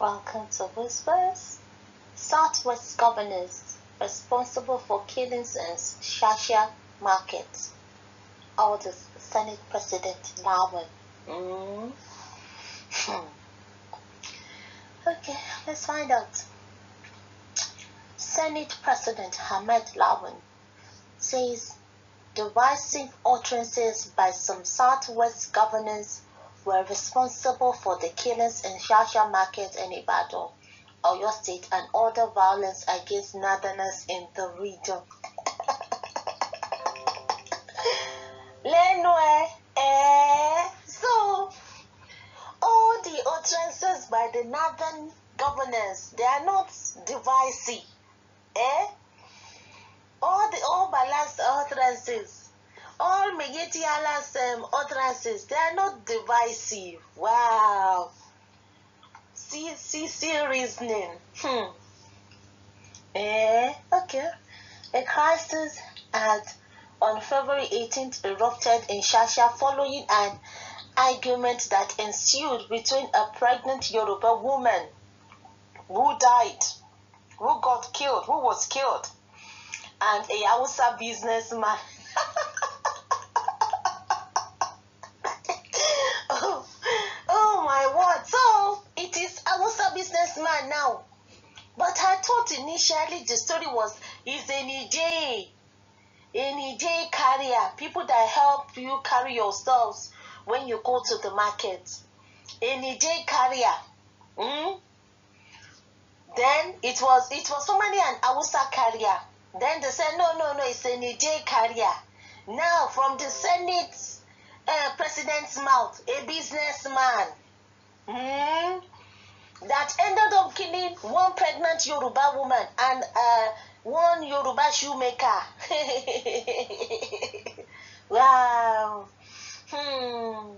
Welcome to Whispers. Southwest governors responsible for killings in Shasha Market. All the Senate President Lawan. Mm. Mm-hmm. Hmm. Okay, let's find out. Senate President Hamed Lawan says divisive utterances by some Southwest governors were responsible for the killings in Shasha Market and Ibadan, Oyo State, and other violence against northerners in the region. lẹ́nu ẹ so all the utterances by the northern governors they are not divisive eh? all the all balanced utterances all Megeti Allah's um, utterances, they are not divisive. Wow. See, see, see reasoning. Hmm. Eh, okay. A crisis had on February 18th erupted in Shasha following an argument that ensued between a pregnant Yoruba woman who died, who got killed, who was killed, and a Hausa businessman. initially the story was is a Nigerian, a Nigerian carrier, people that help you carry yourselves when you go to the market. A Nigerian carrier. Mm? Then it was it was somebody an Awusa carrier. Then they said no no no it's a Nigerian carrier. Now from the Senate uh, president's mouth, a businessman. Mm? that ended up killing one pregnant Yoruba woman and uh, one Yoruba shoemaker. wow. Hmm.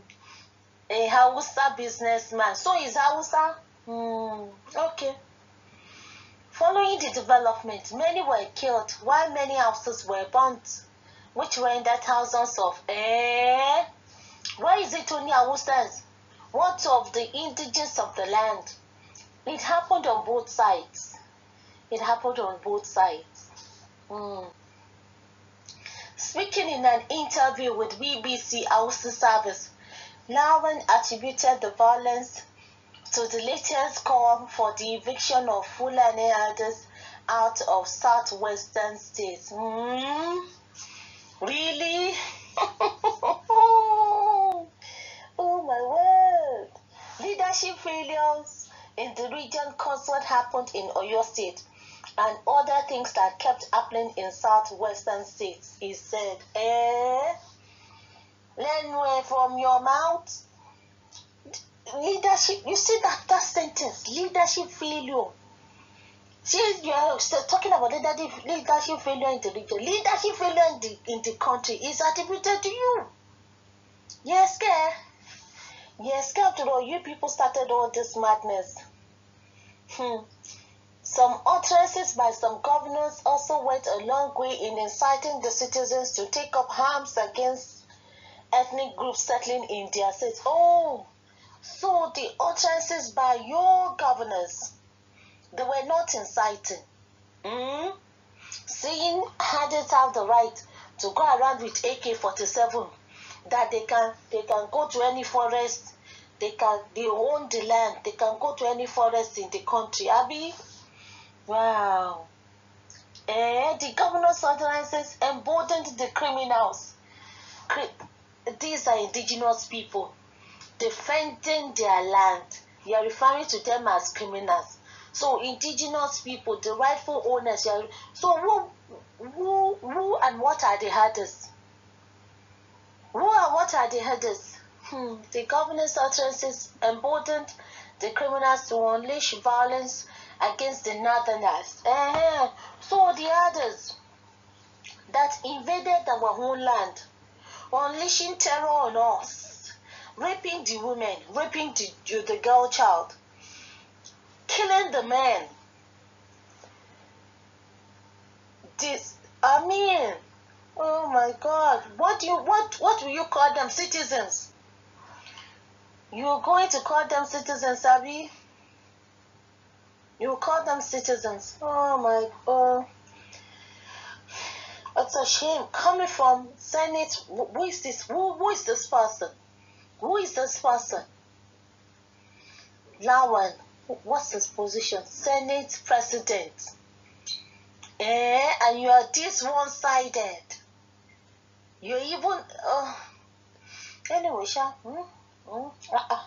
A Hausa businessman. So is Hausa? Hmm. Okay. Following the development, many were killed while many houses were burnt, which rendered thousands of. Eh? Why is it only Hausas? What of the indigenous of the land? It happened on both sides. It happened on both sides. Mm. Speaking in an interview with BBC House Service, Lauren attributed the violence to the latest call for the eviction of Fulani elders out of southwestern states. Mm. Really? oh my word! Leadership failures in the region concert happened in Oyo State and other things that kept happening in southwestern states. He said, eh, learn from your mouth. Leadership, you see that, that sentence, leadership failure. See, you're talking about leadership, leadership failure in the region. Leadership failure in the, in the country is attributed to you. Yes, care. Yes, after you people started all this madness. Hmm. Some utterances by some governors also went a long way in inciting the citizens to take up arms against ethnic groups settling in their states. Oh, so the utterances by your governors, they were not inciting. Hmm. Seeing hadn't have the right to go around with AK-47, that they can they can go to any forest they can they own the land. They can go to any forest in the country. Abby, wow. Eh, the governor's ordinances emboldened the criminals. These are indigenous people defending their land. You are referring to them as criminals. So indigenous people, the rightful owners. Are, so who, who, who, and what are the herders? Who and what are the herders? Hmm, the governance utterance is emboldened the criminals to unleash violence against the northerners. Uh-huh. So the others that invaded our homeland, unleashing terror on us, raping the women, raping the, the girl child, killing the men. This, I mean, oh my God, what do you, what, what will you call them, citizens? You're going to call them citizens, Abby? You call them citizens. Oh my god. It's a shame. Coming from Senate, who is this? Who, who is this person? Who is this person? Lawan, what's his position? Senate President. Eh, and you are this one sided. You're even. Uh, anyway, Sha. Hmm? Mm, uh-uh.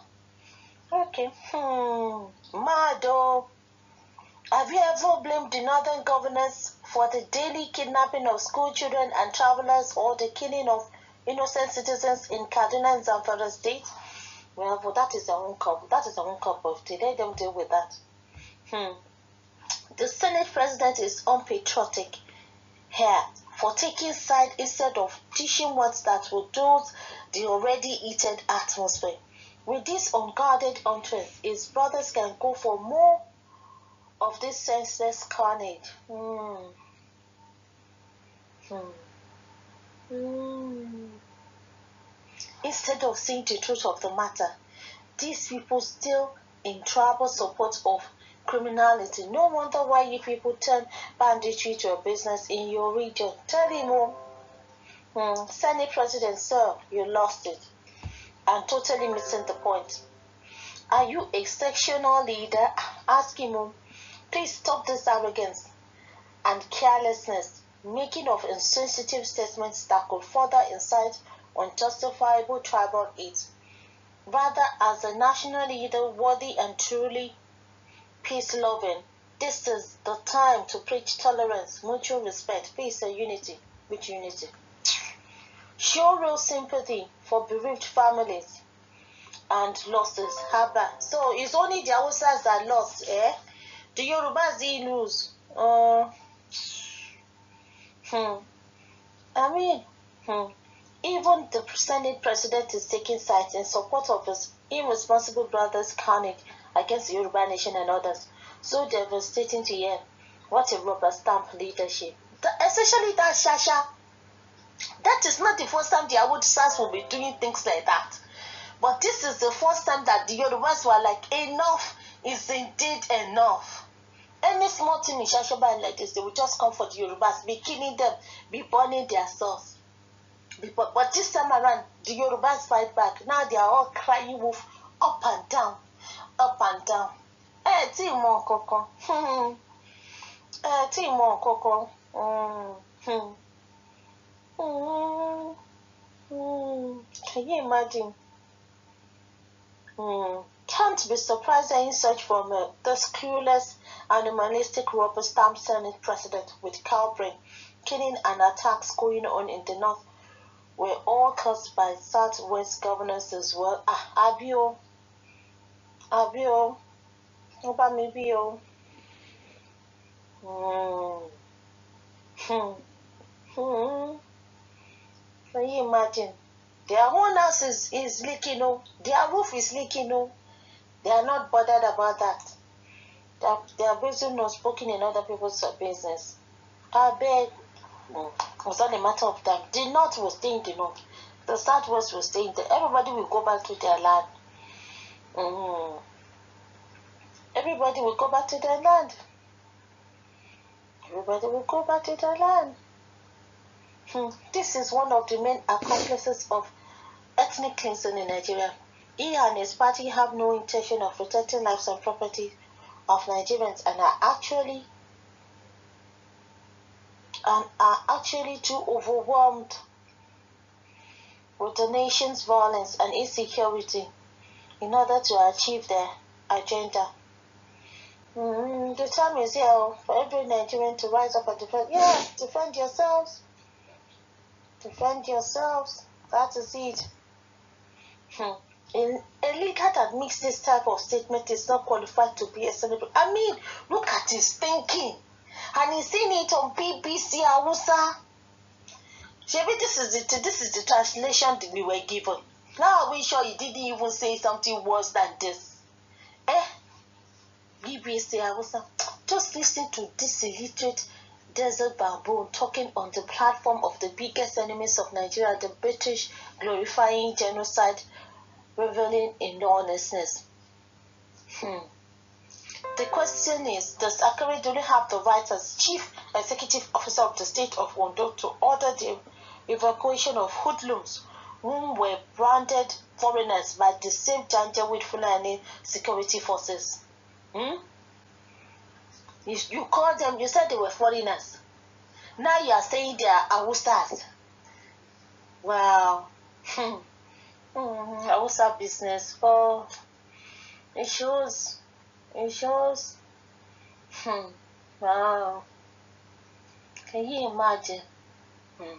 Okay. Hmm. Mado. Have you ever blamed the northern governors for the daily kidnapping of school children and travelers or the killing of innocent citizens in Kaduna and Zamfara states? Well, well, that is their own cup. That is their own cup of tea. Let them deal with that. Hmm. The Senate president is unpatriotic here for taking side instead of teaching words that will do the already heated atmosphere. With this unguarded untruth, his brothers can go for more of this senseless carnage. Hmm. Hmm. Hmm. Instead of seeing the truth of the matter, these people still in trouble support of criminality. No wonder why you people turn banditry to a business in your region. Tell him, oh, mm, Senate President, sir, you lost it. I'm totally missing the point. Are you exceptional leader? Ask him, oh, please stop this arrogance and carelessness, making of insensitive statements that could further incite unjustifiable tribal hate. Rather, as a national leader worthy and truly peace loving. This is the time to preach tolerance, mutual respect, peace, and unity with unity. Show real sympathy for bereaved families and losses. Haba. So it's only the Hausas that lost, eh? The Yorubas they lose. Uh, hmm. I mean, hmm. Even the Senate president is taking sides in support of his irresponsible brother's carnage against the Yoruba nation and others. So devastating to hear. What a rubber stamp leadership. The, especially that Shasha. That is not the first time the Awudisas will be doing things like that. But this is the first time that the Yorubas were like, enough is indeed enough. Any small thing in Shashaba like this, they will just come for the Yorubas, be killing them, be burning their souls. But, but this time around, the Yorubas fight back. Now they are all crying wolf up and down up and down Eh, ẹ tí ì mọ kankan ẹ tí mọ kankan. Can you imagine? Mm. Can't be surprised in search for uh, this clueless and humanistic rubber stamp Senate president with Calbrin, killing and attacks going on in the north were all caused by Southwest governors as well. Ah, Abio. àbí o ó bá mi bí o. Hmm. Hmm. Can you imagine? Their own house is, is leaking, oh. Their roof is leaking, oh. They are not bothered about that. they are business not spoken in other people's business. I beg, no, it's not a matter of time. The north was stained you know. The southwest will stay in Everybody will go back to their land. Mm. Everybody will go back to their land. Everybody will go back to their land. Hmm. This is one of the main accomplices of ethnic cleansing in Nigeria. He and his party have no intention of protecting lives and property of Nigerians and are actually and are actually too overwhelmed with the nation's violence and insecurity in order to achieve their agenda. Mm, the time is here oh, for every Nigerian to rise up and defend. Yeah, defend yourselves. Defend yourselves. That is it. Hmm. a leader that makes this type of statement is not qualified to be a senator. I mean, look at his thinking. And he's seen it on BBC Awusa. Maybe this is the this is the translation that we were given. Now are we sure he didn't even say something worse than this? Eh? BBC, I was uh, just listen to this illiterate desert baboon talking on the platform of the biggest enemies of Nigeria, the British, glorifying genocide, reveling in lawlessness. Hmm. The question is, does Akeredolu have the right as chief executive officer of the state of Ondo to order the evacuation of hoodlums whom were branded foreigners by the same with Fulani security forces. Hmm? You, you called them, you said they were foreigners. Now you are saying they are Awusas. Wow. Hmm. Mm, Awusa business. Oh, it shows. It shows. Hmm. Wow. Can you imagine? Hmm.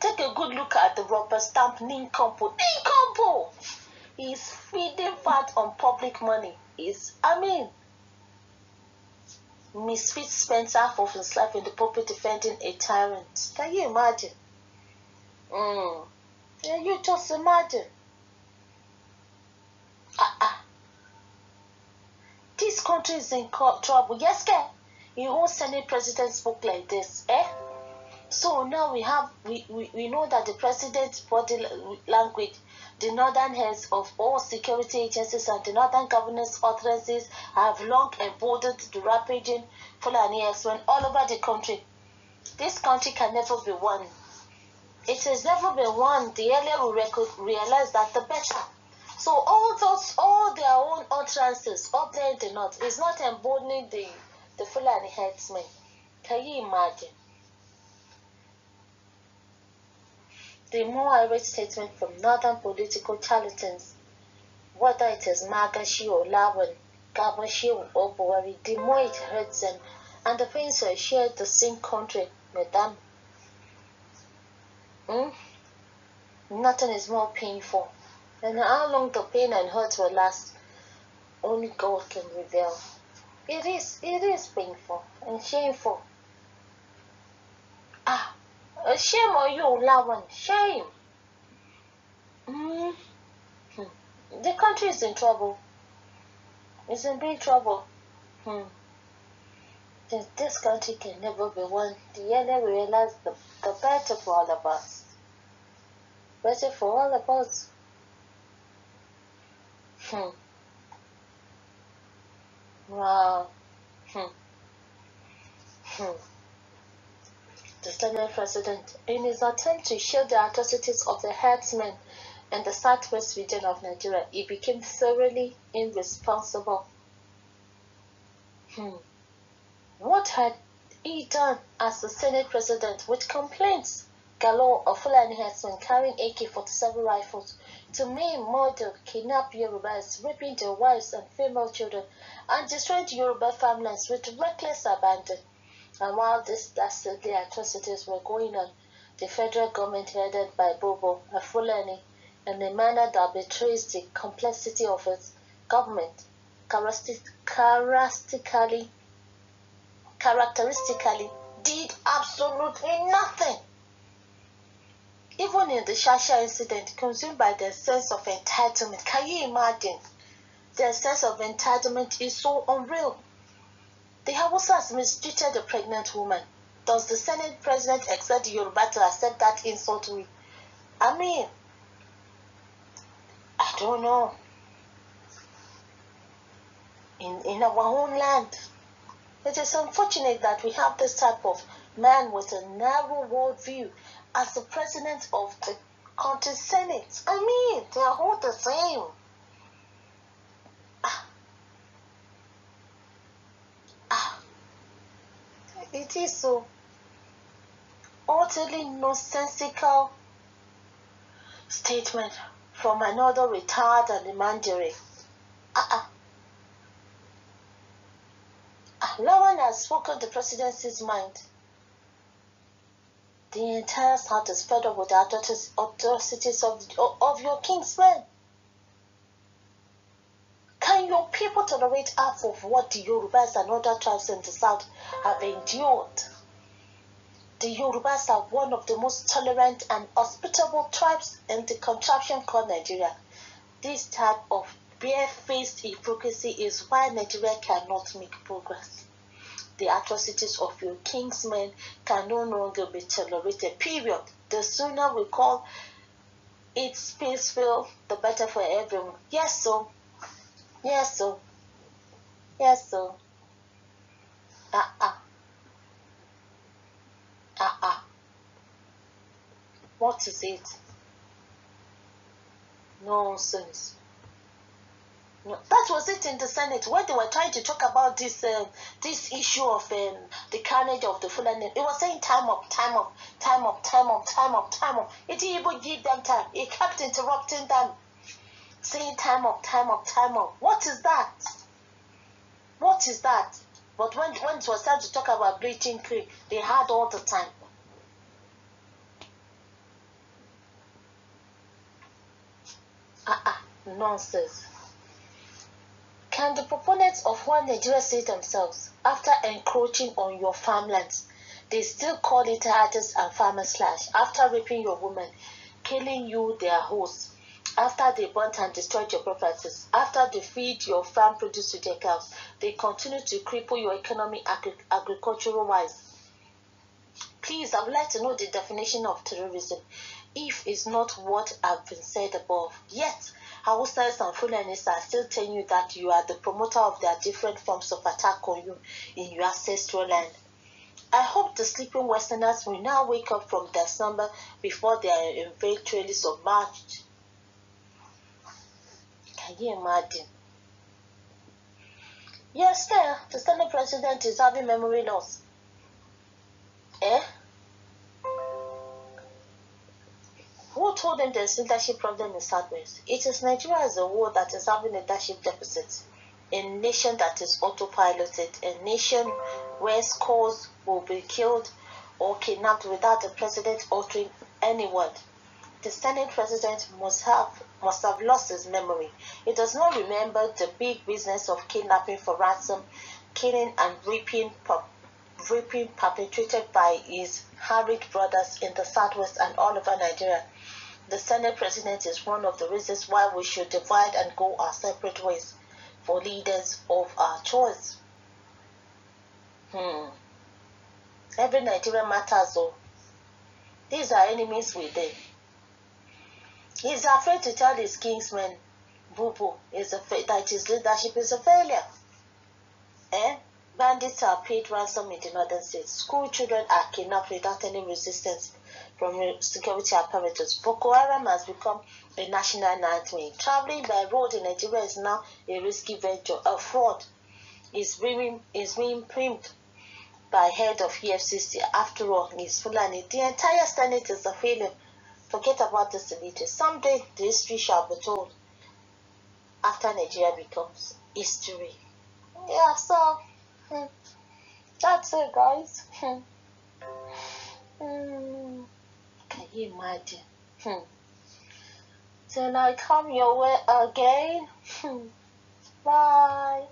Take a good look at the rubber stamp Ninkompo. Ninkompo He's feeding fat on public money. Is I mean, Misfit spends half of his life in the pulpit defending a tyrant. Can you imagine? Mm. Can you just imagine? Ah, ah. This country is in trouble. Yes, sir. not send a president spoke like this, eh? So now we have we, we, we know that the president's body language, the northern heads of all security agencies and the northern governance authorities have long emboldened the rapaging Fulani X-Men all over the country. This country can never be won. It has never been won. The earlier we realize that, the better. So all those, all their own utterances up there in the north is not emboldening the the Fulani headsmen. Can you imagine? the more irate statements from northern political charlatans, whether it is Magashi or Lawan, Gabashi or Buhari, the more it hurts them. And the princess shared the same country, madame. Hmm? Nothing is more painful. And how long the pain and hurt will last, only God can reveal. It is, it is painful and shameful Shame on you, Lawan. Shame. Mm. The country is in trouble. It's in big trouble. Hmm. This, this country can never be one. The earlier we realize, the, the better for all of us. Better for all of us. Hmm. Wow. Hmm. Hmm the Senate president, in his attempt to shield the atrocities of the herdsmen in the southwest region of Nigeria, he became thoroughly irresponsible. Hmm. What had he done as the Senate president with complaints galore of Fulani herdsmen carrying AK-47 rifles to maim, murder, kidnap Yorubas, raping their wives and female children, and destroyed Yoruba families with reckless abandon? And while these dastardly atrocities were going on, the federal government headed by Bobo Afulani, in a manner that betrays the complexity of its government, characteristically, characteristically did absolutely nothing. Even in the Shasha incident, consumed by their sense of entitlement, can you imagine? Their sense of entitlement is so unreal the House mistreated a pregnant woman. Does the Senate President expect Yoruba to accept that insult to me? I mean, I don't know. In, in our own land, it is unfortunate that we have this type of man with a narrow worldview as the president of the County senate. I mean, they are all the same. It is so utterly nonsensical statement from another retarded Mandarin. Uh-uh. Ah, one has spoken the presidency's mind. The entire South is fed up with the atrocities of, of your kinsmen. Can your people tolerate half of what the Yorubas and other tribes in the south have endured? The Yorubas are one of the most tolerant and hospitable tribes in the contraption called Nigeria. This type of barefaced hypocrisy is why Nigeria cannot make progress. The atrocities of your kingsmen can no longer be tolerated. Period. The sooner we call it peaceful, the better for everyone. Yes, so Yes, yes, so, so, ah ah, ah ah, What is it? Nonsense. No. That was it in the Senate where they were trying to talk about this um, this issue of um, the carnage of the Fulani. It was saying time up, time up, time up, time up, time up, time up. It didn't even give them time. It kept interrupting them saying time up, time up, time up. What is that? What is that? But when, when it was time to talk about bleaching creek, they had all the time. Ah, uh, uh nonsense. Can the proponents of one Nigeria say themselves, after encroaching on your farmlands, they still call it artists and farmers slash after raping your woman, killing you their host, after they burnt and destroyed your properties, after they feed your farm produce to their cows, they continue to cripple your economy agri agricultural wise. Please, I would like to know the definition of terrorism if it's not what I've been said above. Yet, Hausas and Fulanis are still telling you that you are the promoter of their different forms of attack on you in your ancestral land. I hope the sleeping Westerners will now wake up from their slumber before their eventually submerged you imagine? Yes, still, the standing president is having memory loss. Eh? Who told them there's leadership problem in Southwest? It is Nigeria as a whole that is having leadership deficit. A nation that is autopiloted, a nation where scores will be killed or kidnapped without the president altering any word. The standing president must have must have lost his memory. He does not remember the big business of kidnapping for ransom, killing and raping, raping perpetrated by his harried brothers in the southwest and all over Nigeria. The Senate president is one of the reasons why we should divide and go our separate ways for leaders of our choice. Hmm. Every Nigerian matters, though. These are enemies within. He's afraid to tell his kingsmen, Bubu, is a fa- that his leadership is a failure. Eh? Bandits are paid ransom in the northern states. School children are kidnapped without any resistance from security apparatus. Boko Haram has become a national nightmare. Traveling by road in Nigeria is now a risky venture. A fraud is being, is being primed by head of EFCC. After all, he's Fulani. The entire Senate is a failure. Forget about this little. Someday the history shall be told after Nigeria becomes history. Yeah, so hmm, that's it, guys. Hmm. Hmm. Can you imagine? Then I come your way again. Bye.